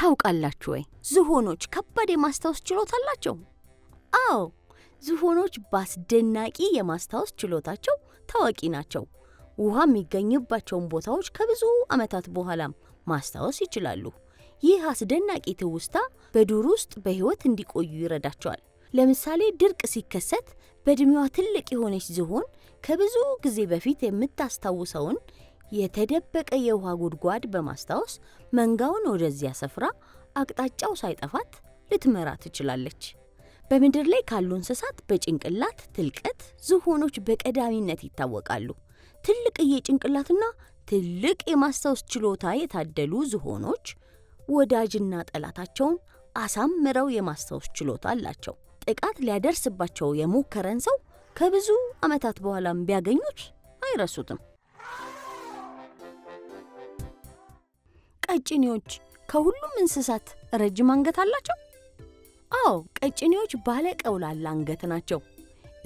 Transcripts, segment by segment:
ታውቃላችሁ ወይ? ዝሆኖች ከባድ የማስታወስ ችሎታ አላቸው። አዎ፣ ዝሆኖች በአስደናቂ የማስታወስ ችሎታቸው ታዋቂ ናቸው። ውሃ የሚገኝባቸውን ቦታዎች ከብዙ ዓመታት በኋላም ማስታወስ ይችላሉ። ይህ አስደናቂ ትውስታ በዱር ውስጥ በሕይወት እንዲቆዩ ይረዳቸዋል። ለምሳሌ ድርቅ ሲከሰት በዕድሜዋ ትልቅ የሆነች ዝሆን ከብዙ ጊዜ በፊት የምታስታውሰውን የተደበቀ የውሃ ጉድጓድ በማስታወስ መንጋውን ወደዚያ ስፍራ አቅጣጫው ሳይጠፋት ልትመራ ትችላለች። በምድር ላይ ካሉ እንስሳት በጭንቅላት ትልቀት ዝሆኖች በቀዳሚነት ይታወቃሉ። ትልቅዬ ጭንቅላትና ትልቅ የማስታወስ ችሎታ የታደሉ ዝሆኖች ወዳጅና ጠላታቸውን አሳምረው የማስታወስ ችሎታ አላቸው። ጥቃት ሊያደርስባቸው የሞከረን ሰው ከብዙ ዓመታት በኋላም ቢያገኙት አይረሱትም። ቀጭኔዎች ከሁሉም እንስሳት ረጅም አንገት አላቸው? አዎ፣ ቀጭኔዎች ባለ ቀውላላ አንገት ናቸው።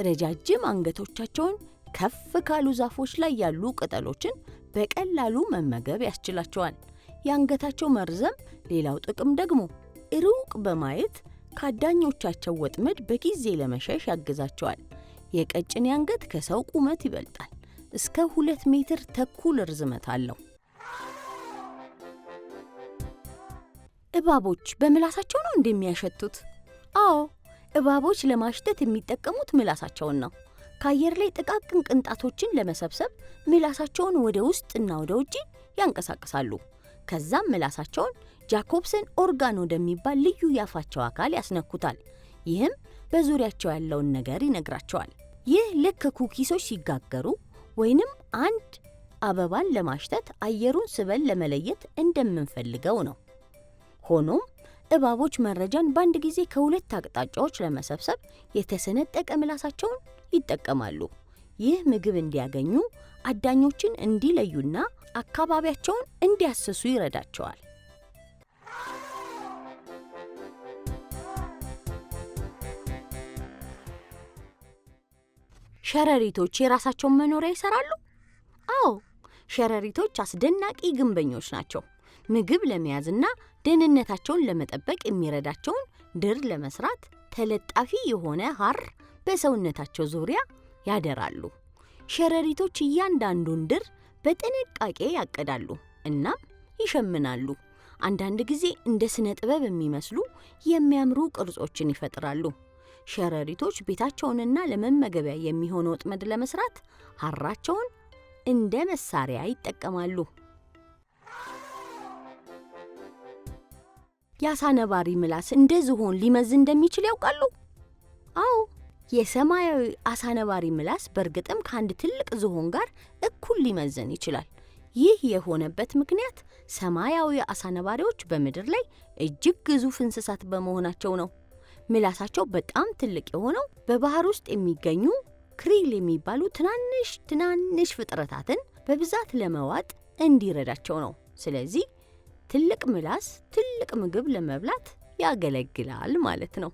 ረጃጅም አንገቶቻቸውን ከፍ ካሉ ዛፎች ላይ ያሉ ቅጠሎችን በቀላሉ መመገብ ያስችላቸዋል። የአንገታቸው መርዘም ሌላው ጥቅም ደግሞ ሩቅ በማየት ከአዳኞቻቸው ወጥመድ በጊዜ ለመሸሽ ያግዛቸዋል። የቀጭኔ አንገት ከሰው ቁመት ይበልጣል። እስከ ሁለት ሜትር ተኩል ርዝመት አለው። እባቦች በምላሳቸው ነው እንደሚያሸቱት? አዎ፣ እባቦች ለማሽተት የሚጠቀሙት ምላሳቸውን ነው። ከአየር ላይ ጥቃቅን ቅንጣቶችን ለመሰብሰብ ምላሳቸውን ወደ ውስጥ እና ወደ ውጪ ያንቀሳቅሳሉ። ከዛም ምላሳቸውን ጃኮብሰን ኦርጋን ወደሚባል ልዩ የአፋቸው አካል ያስነኩታል። ይህም በዙሪያቸው ያለውን ነገር ይነግራቸዋል። ይህ ልክ ኩኪሶች ሲጋገሩ ወይንም አንድ አበባን ለማሽተት አየሩን ስበን ለመለየት እንደምንፈልገው ነው። ሆኖም እባቦች መረጃን በአንድ ጊዜ ከሁለት አቅጣጫዎች ለመሰብሰብ የተሰነጠቀ ምላሳቸውን ይጠቀማሉ። ይህ ምግብ እንዲያገኙ፣ አዳኞችን እንዲለዩና አካባቢያቸውን እንዲያስሱ ይረዳቸዋል። ሸረሪቶች የራሳቸውን መኖሪያ ይሰራሉ? አዎ፣ ሸረሪቶች አስደናቂ ግንበኞች ናቸው። ምግብ ለመያዝና ደህንነታቸውን ለመጠበቅ የሚረዳቸውን ድር ለመስራት ተለጣፊ የሆነ ሐር በሰውነታቸው ዙሪያ ያደራሉ። ሸረሪቶች እያንዳንዱን ድር በጥንቃቄ ያቅዳሉ እናም ይሸምናሉ። አንዳንድ ጊዜ እንደ ስነ ጥበብ የሚመስሉ የሚያምሩ ቅርጾችን ይፈጥራሉ። ሸረሪቶች ቤታቸውንና ለመመገቢያ የሚሆን ወጥመድ ለመስራት ሐራቸውን እንደ መሳሪያ ይጠቀማሉ። የአሳ ነባሪ ምላስ እንደ ዝሆን ሊመዝ እንደሚችል ያውቃሉ? አዎ፣ የሰማያዊ አሳ ነባሪ ምላስ በእርግጥም ከአንድ ትልቅ ዝሆን ጋር እኩል ሊመዘን ይችላል። ይህ የሆነበት ምክንያት ሰማያዊ አሳ ነባሪዎች በምድር ላይ እጅግ ግዙፍ እንስሳት በመሆናቸው ነው። ምላሳቸው በጣም ትልቅ የሆነው በባህር ውስጥ የሚገኙ ክሪል የሚባሉ ትናንሽ ትናንሽ ፍጥረታትን በብዛት ለመዋጥ እንዲረዳቸው ነው። ስለዚህ ትልቅ ምላስ ትልቅ ምግብ ለመብላት ያገለግላል ማለት ነው።